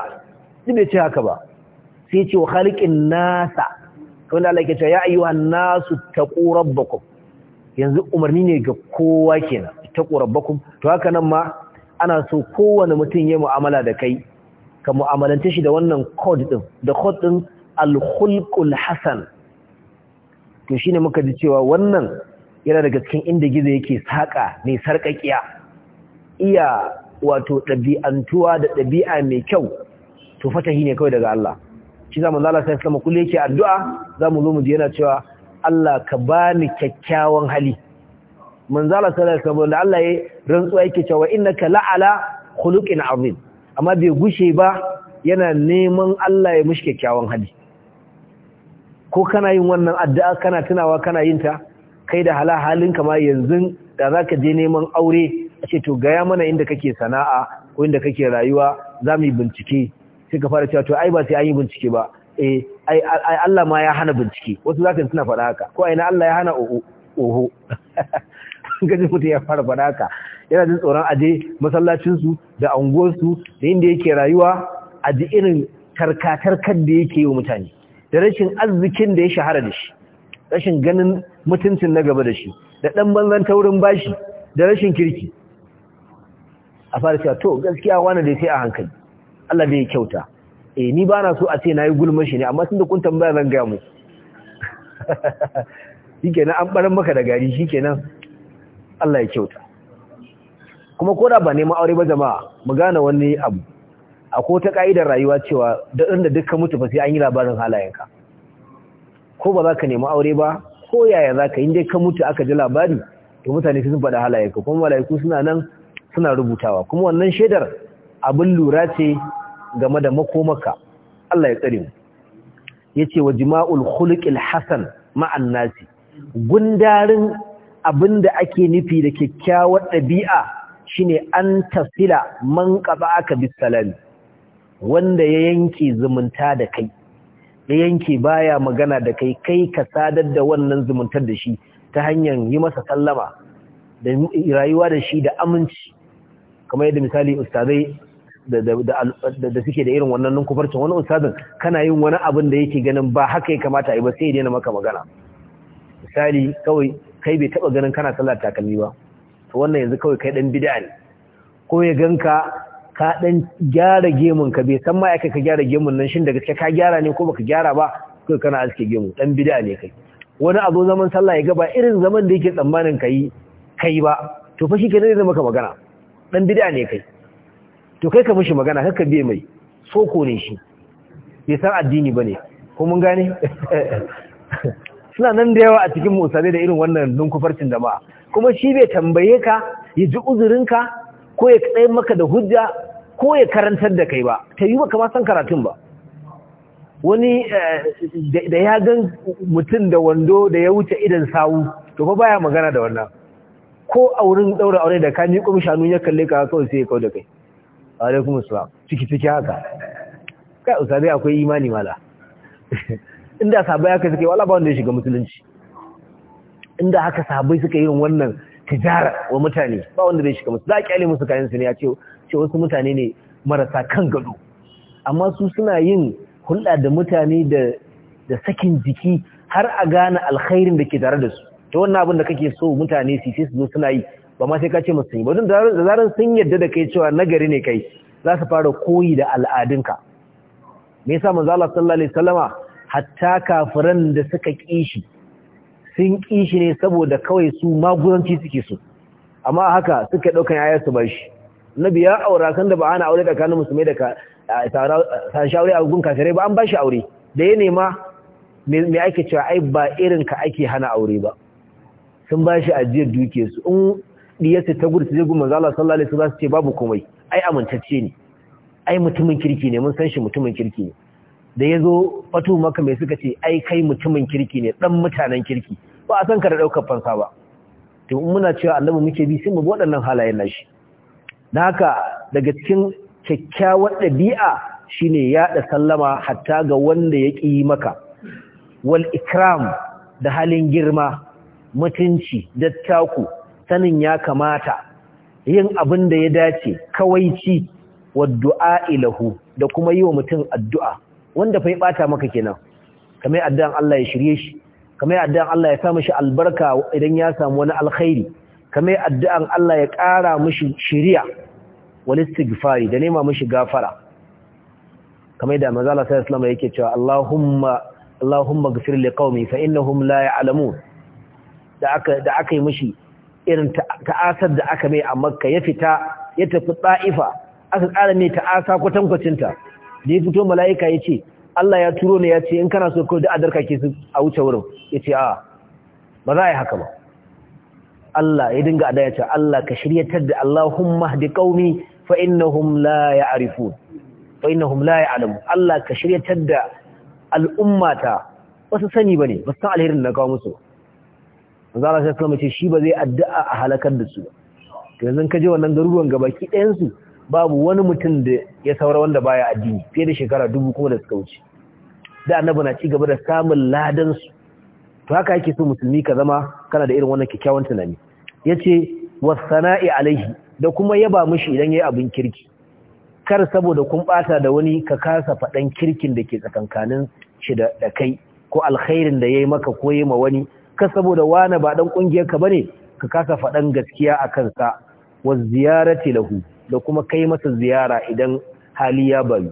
bai ce haka ba sai ce wa an nasa wanda Allah yake cewa ya ayyuhan nasu taqu rabbakum yanzu umarni ne ga kowa kenan taqu rabbakum to haka nan ma ana so kowane mutum ya mu'amala da kai ka mu'amalance shi da wannan code din da code din al-khulqul hasan to shine muka ji cewa wannan yana daga cikin inda gizo yake saƙa mai sarƙaƙiya iya wato ɗabi'antuwa da ɗabi'a mai kyau to fatahi ne kawai daga Allah shi zamu zala sai sama kullu yake addu'a zamu zo mu ji yana cewa Allah ka bani kyakkyawan hali manzala sallallahu alaihi wasallam da Allah ya rantsuwa yake cewa innaka la'ala khuluqin azim amma bai gushe ba yana neman Allah ya mishi kyakkyawan hali ko kana yin wannan addu'a kana tunawa kana yin ta kai da hala halin kama yanzu da za ka je neman aure a ce to gaya mana inda kake sana'a ko inda kake rayuwa za mu yi bincike sai ka fara cewa to ai ba sai an yi bincike ba eh ai Allah ma ya hana bincike wasu za ka suna faɗa haka ko aina Allah ya hana oho gaji mutum ya fara faɗa haka yana jin tsoron aje masallacinsu da anguwarsu da inda yake rayuwa a ji irin tarkatarkar da yake yi wa mutane da rashin arzikin da ya shahara da shi rashin ganin mutuncin na gaba da shi da ɗan banzan taurin bashi da rashin kirki a fara cewa to gaskiya wani da sai a hankali Allah da ya kyauta E, ni ba na so a ce na yi gulma shi ne amma sun da kun tambaya zan gaya mu nan an ɓarin maka da gari nan. Allah ya kyauta kuma ko da ba neman aure ba jama'a mu gane wani abu akwai ta ka'idar rayuwa cewa da inda dukkan mutu fa sai an yi labarin halayenka ko ba za ka nemi aure ba ko yaya za ka yi dai ka mutu aka ji labari to mutane sun faɗa halayenka kuma mala'iku suna nan suna rubutawa kuma wannan shaidar abin lura ce game da makomaka Allah ya tsare mu yace wa jima'ul khuluqil hasan ma'an nasi gundarin abinda ake nufi da kyakkyawar ɗabi'a shine an tasila man qaba aka bisalami wanda ya yanke zumunta da kai ya yanke baya magana da kai kai ka sadar da wannan zumuntar da shi ta hanyar yi masa sallama da rayuwa da shi da aminci kamar yadda misali ustazai da suke da irin wannan kufarcin wani ustazin kana yin wani abin da yake ganin ba haka ya kamata a yi ba sai ya daina maka magana misali kawai kai bai taba ganin kana sallar takalmi ba to wannan yanzu kawai kai dan bid'a ne ko ya ganka ka dan gyara gemun ka bai san ma yake ka gyara gemun nan shin daga ka gyara ne ko baka gyara ba kai kana aske gemu dan bid'a ne kai wani abu zaman sallah ya ga ba irin zaman da yake tsammanin kai kai ba to fa shi ke zai maka magana dan bid'a ne kai to kai ka mishi magana kakka biye mai soko ne shi bai san addini bane ko mun gane suna nan da yawa a cikin musalai da irin wannan dunkufarcin da ba kuma shi bai tambaye ka ya ji uzurinka ko ya tsaye maka da hujja ko ya karantar da kai ba ta yi maka ma san karatun ba wani eh, da ya gan mutum da wando da ya wuce idan sawu to fa baya magana da wannan ko a wurin daura aure da ka kuma shanu ya kalle ka kawai sai ya kawo da kai alaikum assalam ciki ciki haka kai usabi akwai imani mala inda sabai haka suke wala ba wanda ya shiga musulunci inda haka sabai suka yi wannan tijara wa mutane ba wanda zai shiga musu za a kyale musu kayan su ne a ce wasu mutane ne marasa kan gado amma su suna yin hulɗa da mutane da sakin jiki har a gane alkhairin da ke tare da su ta wannan abin da kake so mutane su sai su zo suna yi ba ma sai ka ce musu yi ba don da zarar sun yarda da kai cewa nagari ne kai za su fara koyi da al'adunka me yasa manzo Allah sallallahu alaihi wasallama hatta kafiran da suka kishi sun ƙi shi ne saboda kawai su magudanci suke su amma haka suka ɗaukan ya su bashi Na biya aura kan da ba ana aure tsakanin musulmai da san shawari a gun kafirai ba an bashi aure da ya nema mai ake cewa ai ba irin ka ake hana aure ba sun bashi ajiyar duke su in diyarsa ta gudu su zai gudu manzo Allah su za su ce babu komai ai amintacce ne ai mutumin kirki ne mun san shi mutumin kirki ne da ya zo fatu maka mai suka ce ai kai mutumin kirki ne dan mutanen kirki ba a san kada da fansa ba to muna cewa annabi muke bi sai mu bi waɗannan halayen nashi dan haka daga cikin kyakkyawar ɗabi'a shine yaɗa sallama hatta ga wanda ya ƙi maka wal ikram da halin girma mutunci dattaku sanin ya kamata yin abin da ya dace kawaici wa du'a ilahu da kuma yi wa mutum addu'a wanda fa ya bata maka kenan kamar addu'an Allah ya shirye shi kame addu'an Allah ya sa mishi albarka idan ya samu wani alkhairi kame addu'an Allah ya ƙara mishi shiriya wal istighfari da nema mishi gafara kame da manzo Allah sallallahu alaihi yake cewa Allahumma Allahumma ghfir li qaumi fa innahum la ya'lamun da aka da aka yi mishi irin ta'asar da aka mai a Makka ya fita ya tafi Taifa aka ƙara mai ta'asa kwatankwacinta da ya fito mala'ika ya ce. Allah ya turo ne ya ce in kana so kawai da adarka ke su a wuce wurin ya ce a ba za a yi haka ba Allah ya dinga ada ya ce Allah ka shiryatar da Allahumma hdi qaumi fa innahum la ya'rifun fa innahum la ya'lamun Allah ka shiryatar da al'ummata su sani bane ba san alherin da kawo musu manzo Allah sai kuma ce shi ba zai addu'a a halakar da su ba yanzu ka je wannan garuruwan gabaki ɗayan su babu wani mutum da ya saura wanda baya addini fiye da shekara dubu kuma da suka wuce da annabi na ci gaba da samun ladan su to haka yake so musulmi ka zama kana da irin wannan kyakkyawan tunani yace wasana'i alaihi da kuma yaba mishi idan yayi abin kirki kar saboda kun bata da wani ka kasa faɗan kirkin da ke tsakankanin shi da da kai ko alkhairin da yayi maka ko yayi ma wani kar saboda wani ba dan kungiyar ka bane ka kasa faɗan gaskiya akan sa wa ziyarati lahu da kuma kai masa ziyara idan hali ya bari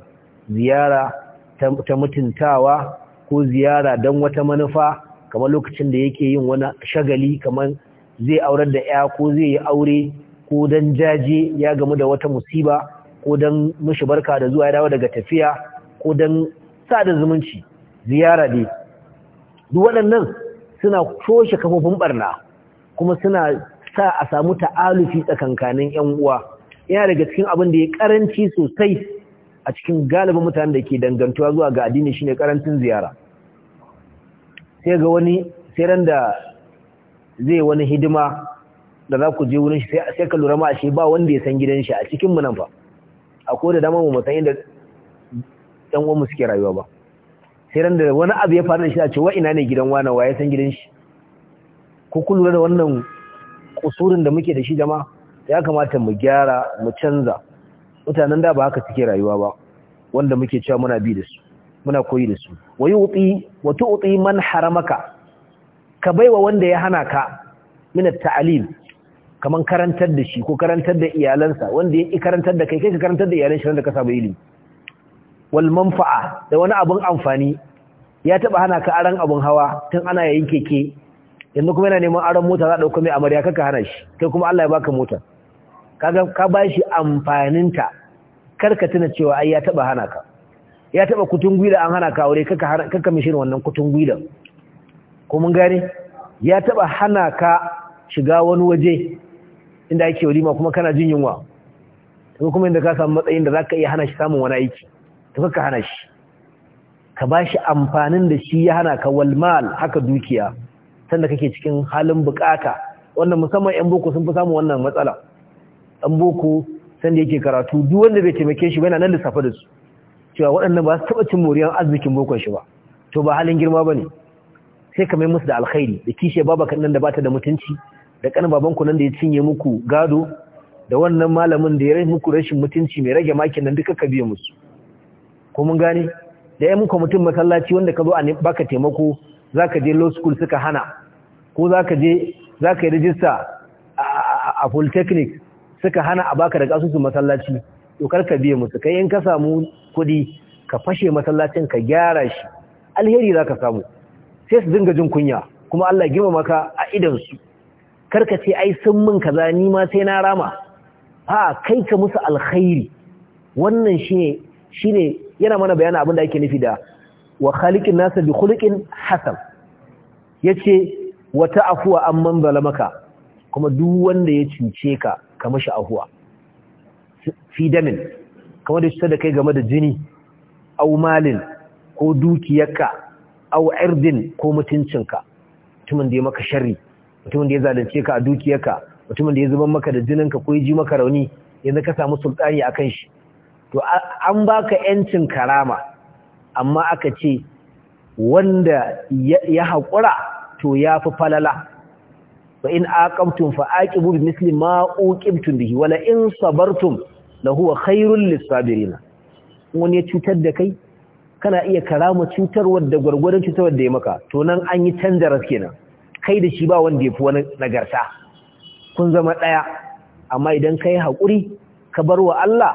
ziyara ta mutuntawa ko ziyara don wata manufa kamar lokacin da yake yin wani shagali kamar zai aurar da ya ko zai yi aure ko don jaje ya gamu da wata musiba ko don mishi barka da zuwa ya dawo daga tafiya ko don sa da zumunci ziyara ne duk waɗannan suna toshe kafofin ɓarna, kuma suna sa a samu ta'alufi tsakankanin 'yan uwa yana daga cikin abin da ya karanci sosai a cikin galibin mutane da ke dangantuwa zuwa ga addini shine karancin ziyara sai ga wani sai ran da zai wani hidima da za ku je wurin shi sai ka lura ma shi ba wanda ya san gidan shi a cikin mu nan fa akwai da dama mu san inda dan uwan mu suke rayuwa ba sai ran da wani abu ya faru da shi a ce wa ina ne gidan wani wa ya san gidan shi ko ku lura da wannan kusurin da muke da shi jama'a ya kamata mu gyara mu canza mutanen da ba haka suke rayuwa ba wanda muke cewa muna bi da su muna koyi da su wayu uti wa uti man haramaka ka baiwa wanda ya hana ka min ta'alim kaman karantar da shi ko karantar da iyalansa wanda ya karantar da kai kai ka karantar da iyalan shi da ka saba ilimi wal manfa'a da wani abun amfani ya taba hana ka aran abun hawa tun ana yayin keke yanzu kuma yana neman aran mota za a dauko mai amarya kaka hana shi kai kuma Allah ya baka mota kaga ka bashi amfaninta karka tuna cewa ai ya taba hana ka ya taba kutun gwida an hana ka aure kaka kaka mishin wannan kutun gwidan ko mun gane ya taba hana ka shiga wani waje inda ake walima kuma kana jin yunwa to kuma inda ka samu matsayin da zaka iya hana shi samun wani aiki to kaka hana shi ka bashi amfanin da shi ya hana ka walmal haka dukiya sanda kake cikin halin bukata wannan musamman yan boko sun fi samun wannan matsala ɗan boko sanda yake karatu duk wanda bai taimake shi yana nan lissafa da su cewa waɗannan ba su taɓa cin moriyar arzikin bokon shi ba to ba halin girma ba ne sai ka mai musu da alkhairi da kishe babakan nan da bata da mutunci da ƙanin babanku nan da ya cinye muku gado da wannan malamin da ya rai muku rashin mutunci mai rage makin nan duka ka biya musu ko mun gane da ya muka mutum masallaci wanda ka zo a baka taimako za ka je law school suka hana ko ka je ka yi rajista a polytechnic suka hana a baka daga asusun masallaci to kar ka biye musu kai in ka samu kuɗi ka fashe masallacin ka gyara shi alheri za ka samu sai su dinga jin kunya kuma Allah gima maka a idan su kar ka ce ai sun min kaza ni ma sai na rama a kai ka musu alkhairi wannan shine shine yana mana bayanin abin da ake nufi da wa khaliqin nasa bi khuluqin hasan yace wata afuwa amman zalamaka kuma duk wanda ya cince ka ka mashi ahuwa fi damin kamar da shi da kai game da jini au malin ko dukiyarka au irdin ko mutuncinka mutumin da ya maka sharri mutumin da ya zalunce ka a dukiyarka mutumin da ya zuban maka da jininka ko ya ji maka rauni yanzu ka samu sultani kan shi to an baka yancin karama amma aka ce wanda ya haƙura to ya fi falala fa in aqamtum fa aqibu bi misli ma uqibtum bihi wala in sabartum la huwa khairul lisabirin wani ya cutar da kai kana iya karama cutar wanda gwargwadon cutar da ya maka to nan an yi canja kenan kai da shi ba wanda ya fi wani nagarta kun zama ɗaya amma idan kai hakuri ka bar wa Allah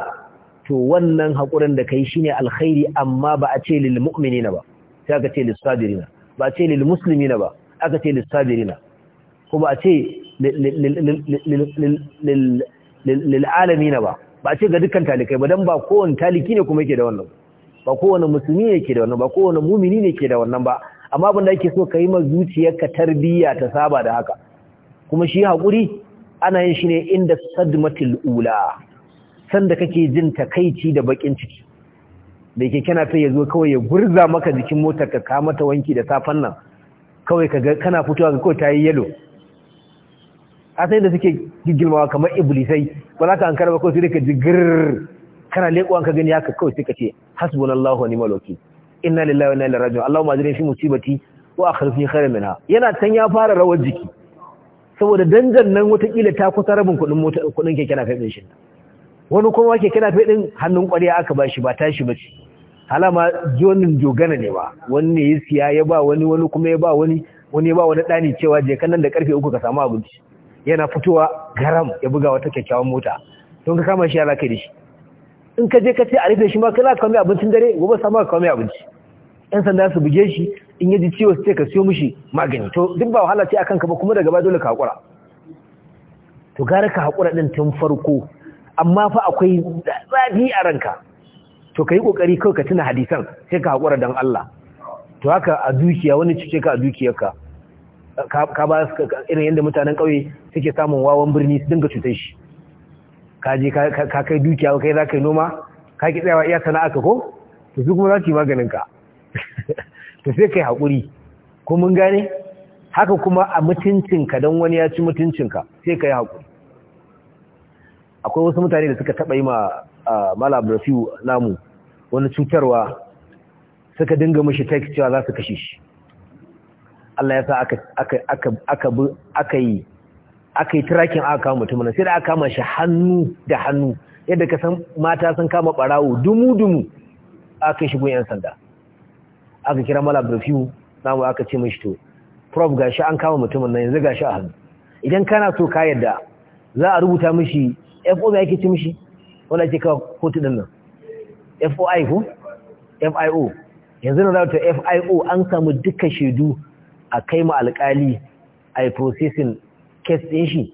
to wannan haƙurin da kai shine alkhairi amma ba a ce lil mu'minina ba sai aka ce lis ba a ce lil muslimina ba aka ce lis sabirina ko ba a ce lil'alami na ba ba a ce ga dukkan talikai ba don ba kowane taliki ne kuma yake da wannan ba kowane musulmi ne ke da wannan ba kowane mumini ne ke da wannan ba amma abin da ake so ka yi ma ka tarbiyya ta saba da haka kuma shi haƙuri ana yin shi ne inda sadmatul ula sanda kake jin takaici da bakin ciki da yake kana fa yazo kawai ya gurza maka jikin motar ka ka mata wanki da safan nan kawai kaga kana fitowa ga kawai yi yellow a sai da suke gigilmawa kamar iblisai ba za ka an karba kawai sai ka jigir kana leƙuwan ka gani haka kawai sai ka ce hasbunallahu wa ni'mal maloki inna lillahi wa lalara jiwa Allah allahumma fi ko wa karfi kare yana can ya fara rawar jiki saboda danjan nan watakila ta kusa rabin kuɗin mota kuɗin keke faɗin shi wani kuma keke na faɗin hannun ƙwarya aka ba shi ba tashi ba ce halama jonin jogana ne ba wani ne ya siya ya ba wani wani kuma ya ba wani wani ba wani ɗani cewa je kan nan da karfe uku ka samu abinci yana fitowa garam ya buga wata kyakkyawan mota sun ka kama shi ya zaka da shi in ka je ka ce a rufe shi ma ka ka abincin dare gobe sa ma ka kawo abinci yan sanda su buge shi in yaji ciwo su ce ka siyo mishi magani to duk ba wahala ce akan ka ba kuma daga ba dole ka hakura to gara ka hakura din tun farko amma fa akwai zafi a ranka to kai kokari kawai ka tuna hadisan sai ka hakura dan Allah to haka a dukiya wani cike ka a dukiyarka ka ba su irin yadda mutanen ƙauye suke samun wawan birni su dinga cutar shi ka je ka kai dukiya kai za ka yi noma ka ki tsayawa iya sana'a ka ko to su kuma za su yi maganin ka to sai kai haƙuri ko mun gane haka kuma a mutuncin ka don wani ya ci mutuncin ka, sai kai haƙuri akwai wasu mutane da suka taɓa yi ma malam rafiu namu wani cutarwa suka dinga mashi text cewa za su kashe shi Allah ya sa aka aka aka aka aka yi aka yi tracking aka kama mutumin sai da aka kama shi hannu da hannu yadda ka san mata sun kama barawo dumu dumu aka shigo yan sanda aka kira mala abdulfiu namu aka ce mishi to prof gashi an kama mutumin nan yanzu gashi a hannu idan kana so ka yadda za a rubuta mishi FO da yake ci mishi wanda ake kawo kotu din nan FOI ko FIO yanzu na zauta FIO an samu duka shaidu a kai ma alƙali a yi processing case ɗin shi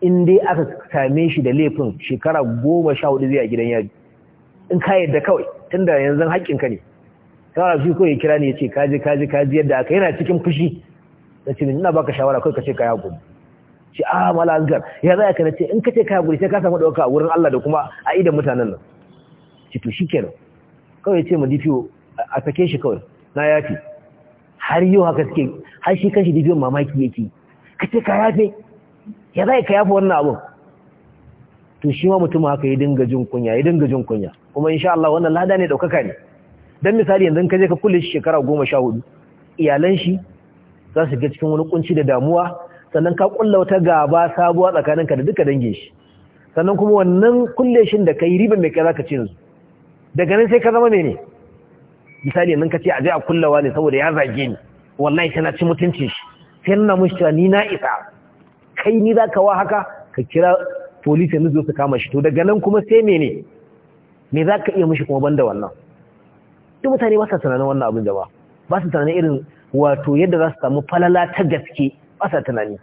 in dai aka same shi da laifin shekara goma sha hudu zai a gidan yari in ka yadda kawai tun da yanzu ka ne shawara shi kawai kira ne ya ce kaji kaji kaji yadda aka yana cikin fushi na ce ina baka shawara kawai ka ce ka yi ce a mala ya za ka na ce in ka ce ka yi sai ka samu ɗauka a wurin Allah da kuma a idan mutanen nan ce to shi kenan kawai ce ma DPO a sake shi kawai na yafi har yau haka suke har shi kanshi dibiyon mamaki yake ka ce ka yafe ya za ka yafe wannan abun to shi ma mutum haka ya dinga jin kunya ya dinga jin kunya kuma insha Allah wannan lada ne daukaka ne dan misali yanzu ka je ka kulle shi shekara hudu, iyalan shi za su ga cikin wani kunci da damuwa sannan ka kulla wata gaba sabuwa tsakaninka da duka dangin shi sannan kuma wannan kulle shin da kai riba mai kai zaka ci yanzu daga nan sai ka zama mene misali nan ka ce a je a kullawa ne saboda ya zage ni wallahi sai na ci mutuncin shi sai nuna mun cewa ni na isa kai ni za ka wa haka ka kira police ne zo su kama shi to daga nan kuma sai mene me za ka iya mishi kuma banda wannan duk mutane ba sa tunanin wannan abin da ba su tunanin irin wato yadda za su samu falala ta gaske ba sa tunani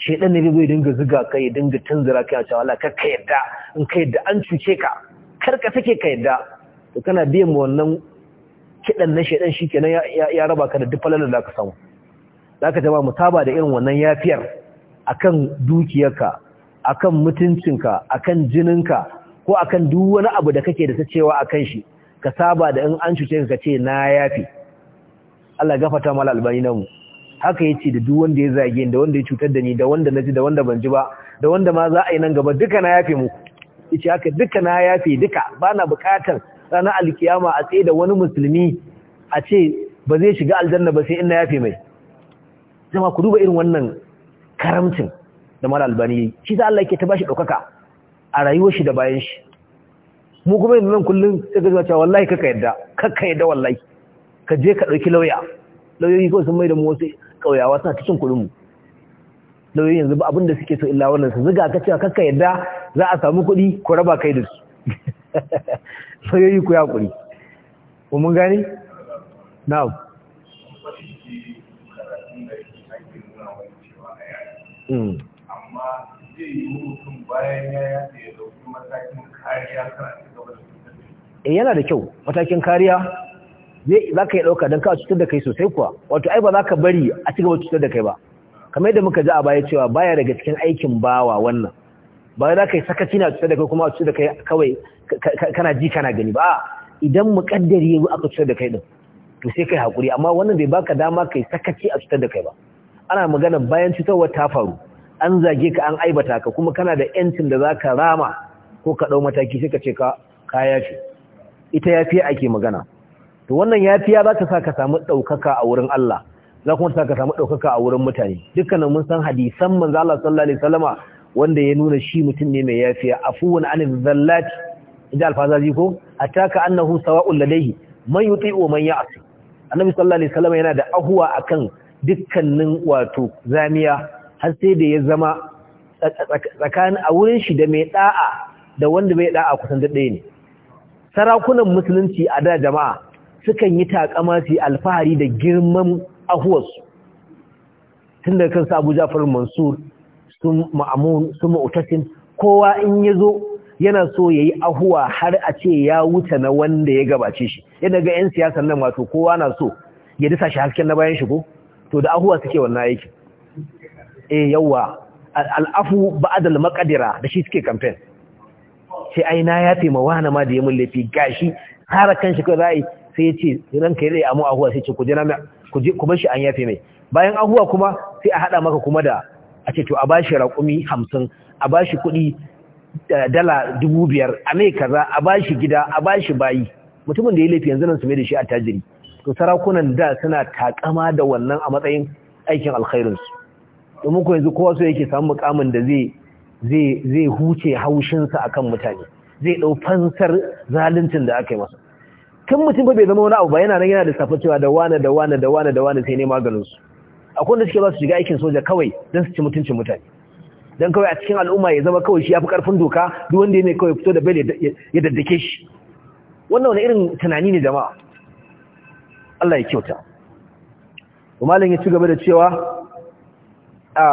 shaidan ne zai dinga zuga kai ya dinga tunzura kai a cewa Allah kar ka yadda in ka yadda an cuce ka kar ka sake ka yadda to kana biyan wannan kiɗan na shaidan shi kenan ya raba ka da duk falalar da ka samu za ka jama mutaba da irin wannan yafiyar akan dukiyarka akan mutuncinka akan jininka ko akan duk wani abu da kake da ta cewa akan shi ka saba da in an cuce ka ce na yafi Allah gafarta mala albani mu. haka yace da duk wanda ya zage da wanda ya cutar da ni da wanda naji da wanda ban ji ba da wanda ma za a yi nan gaba duka na yafe yace haka duka na yafi duka bana bukatar ranar alkiyama a tsaye da wani musulmi a ce ba zai shiga aljanna ba sai in na yafe mai zama ku duba irin wannan karamcin da mara albani shi za Allah ke ta bashi ɗaukaka a rayuwar shi da bayan shi mu kuma yanzu nan kullum sai ka cewa wallahi kaka yadda kaka yadda wallahi ka je ka ɗauki lauya lauyoyi kawai sun mai da mu wasu ƙauyawa suna cikin kuɗin mu lauyoyi yanzu ba abin da suke so illa wannan su ziga ka cewa kaka yadda za a samu kuɗi ku raba kai da su soyoyi ku yaƙuri ku mun gani? now hmm. amma zai yi mutum bayan ya yace ya dauki matakin kariya kan eh, yana da kyau matakin kariya za ka yi ɗauka don kawo cutar da kai sosai kuwa wato ai ba za ka bari a ci gaba cutar da kai ba kamar yadda muka ji a baya cewa baya daga cikin aikin bawa wannan ba za ka yi sakaci na cutar da kai kuma a cutar da kai kawai kana ji kana gani ba idan muƙaddari ya aka cutar da kai din to sai kai hakuri amma wannan bai baka dama kai sakaci a cutar da kai ba ana magana bayan cutarwar ta faru an zage ka an aibata ka kuma kana da yancin da zaka rama ko ka ɗau mataki sai ka ce ka kaya shi ita yafiya ake magana to wannan yafiya za ta sa ka samu ɗaukaka a wurin Allah za kuma ta sa ka samu ɗaukaka a wurin mutane dukkanin mun san hadisan manzo Allah sallallahu alaihi wasallama wanda ya nuna shi mutum ne mai yafiya afuwan anil zallati inda alfazazi ko ataka annahu sawa'ul ladayhi man yuti'u wa man ya'si annabi sallallahu alaihi wasallam yana da ahuwa akan dukkanin wato zamiya har sai da ya zama tsakanin a wurin shi da mai da'a da wanda bai da'a kusan da ɗaya ne sarakunan musulunci a da jama'a sukan yi takama su alfahari da girman ahuwarsu tun da kansu Abu Ja'far Mansur su Ma'mun su mautasin kowa in ya zo. yana so ya yi ahuwa har a ce ya wuce na wanda ya gabace shi yadda ga 'yan siyasar nan wato kowa na so ya disa shi hasken na bayan shigo to da ahuwa suke wannan aiki eh yawa al'afu Ba'adal Makadira da shi suke kamfen. sai aina ya yafe mawa wani ma da ya mun lafi gashi har kan shi kai za'i sai ran kai yayi amu ahuwa sai ce ku jira na ku je ku bar shi an yafe mai bayan ahuwa kuma sai a haɗa maka kuma da a ce to a bashi raƙumi hamsin, a bashi kuɗi Eh, dala dubu biyar a mai kaza a bashi gida a bashi bayi mutumin da ya laifi yanzu nan su mai da shi a tajiri to sarakunan da suna takama da wannan a matsayin aikin alkhairinsu domin ko yanzu kowa so yake samu mukamin da zai zai zai huce haushinsa akan mutane zai dau fansar zaluncin da aka yi masa kan mutum bai zama wani abu ba yana nan yana da safa cewa da wani da wani da wani da wani sai ne maganin su akwai wanda suke ba su shiga aikin soja kawai don su ci mutuncin mutane don kawai a cikin al'umma ya zama kawai shi ya fi ƙarfin doka duk wanda ya mai kawai fito da bai ya daddake shi wannan wani irin tunani ne jama'a Allah ya kyauta malam ya ci gaba da cewa a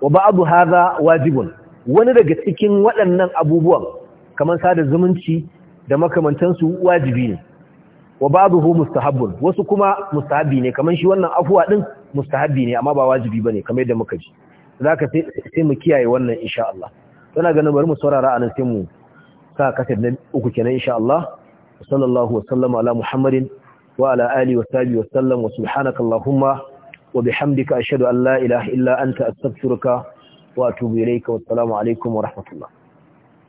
wa ba'adu haza wajibun wani daga cikin waɗannan abubuwan kamar sada zumunci da makamantansu wajibi ne wa hu mustahabbun wasu kuma mustahabi ne kamar shi wannan afuwa din mustahabi ne amma ba wajibi ne, kamar yadda muka ji zaka sai mu kiyaye wannan insha Allah ina ganin bari mu saurara a nan sai mu sa kasar na uku kenan insha Allah sallallahu wa sallama ala muhammadin wa ala alihi wa sahbihi wa sallam wa subhanaka allahumma wa bihamdika ashhadu an la ilaha illa anta astaghfiruka wa atubu ilayka wa assalamu alaikum wa rahmatullah